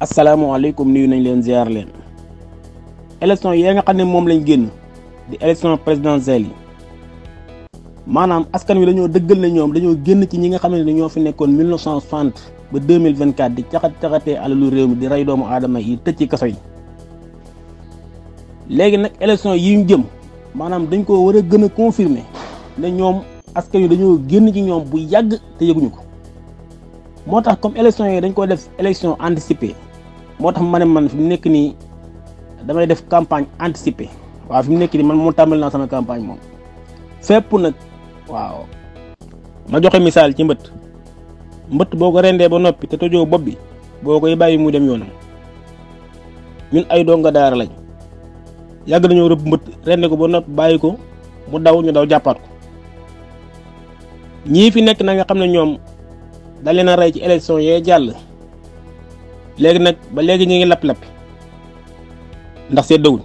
asalaamaaleykum nuyu nañ leen ziar leen élection yee nga xam ne moom lañ génn di élection présidentielle yi maanaam askan wi dañoo dëggal ne ñoom dañoo génn ci ñi nga xam ne dañoo fi nekkoon 1960 ba 2024 di caxat caxatee alalu réew di rey doomu aadama yi tëj ci kaso yi léegi nag élection yi ñu jëm maanaam dañ ko war a gën a confirmer ne ñoom askan wi dañoo génn ci ñoom bu yàgg te yëguñu ko moo tax comme élection yi dañ ko def élection anticipée moo tax ma ne man fi mu nekk nii damay def campagne anticipée waaw fi mu nekk nii man moom tàmbali naa sama campagne moom fépp nag waaw ma joxe misaal ci mbëtt mbëtt boo ko rendee ba noppi te tojoo bopp bi boo koy bàyyi mu dem yoon yoonam ñun ay donga daara lañ yàgg nañoo rëbb mbëtt rende ko ba noppi bàyyi ko mu daw ñu daw jàppaat ko ñii fi nekk na nga xam ne ñoom da leen rey ci élection yee jàll léegi nag ba léegi ñu ngi lapp-lapp ndax seddawuñ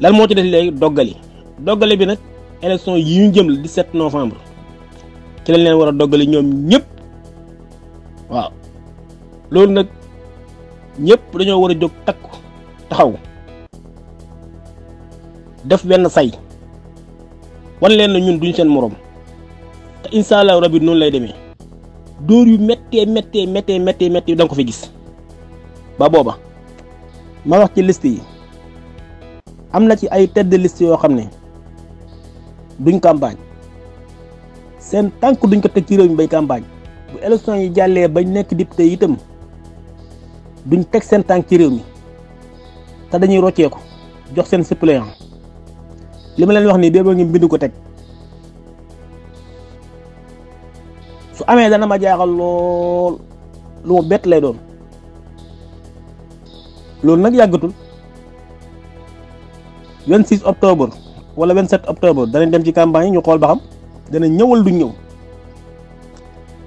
lan moo ci des léegi doggali doggali bi nag élection yi ñu jëm la 17 novembre ci lañ leen war a doggali ñoom ñëpp waaw loolu nag ñëpp dañoo war a jóg takku taxaw def benn say wan leen na ñun duñ seen moroom te incha allahu rabi noonu lay demee. dóor yu méttee méttee méttee méttee méttee da nga ko fa gis ba booba ma wax ci liste yi am na ci ay tedd liste yoo xam ne duñ campagne seen tànk duñ ko teg ci réew mi bay campagne bu élection yi jàllee bañ nekk te itam duñ teg seen tànk ci réew mi te dañuy roccee ko jox seen suppléant li ma leen wax nii déeba ngi bind ko teg su amee dana ma jaaxal lool lu bet lay doon loolu nak yagatul 26 octobre wala 27 octobre dañu dem ci campagne ñu xol ba xam dana ñëwal du ñëw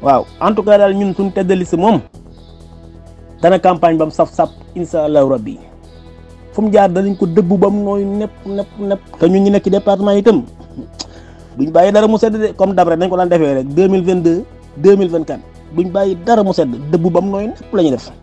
waaw en tout cas dal ñun suñu tête mom dana campagne bam saf-saf inshallah rabbi fum jaar dañ ko debbu bam noy nepp nepp nepp te ñun ñi nekk ci département itam duñ bàyyi dara mu sédde comme d'après dañ ko lan défé rek 2022 deux mille vint quatre duñ bàyyi dara mu sedd dëbb bam mu nooy nepp la ñuy def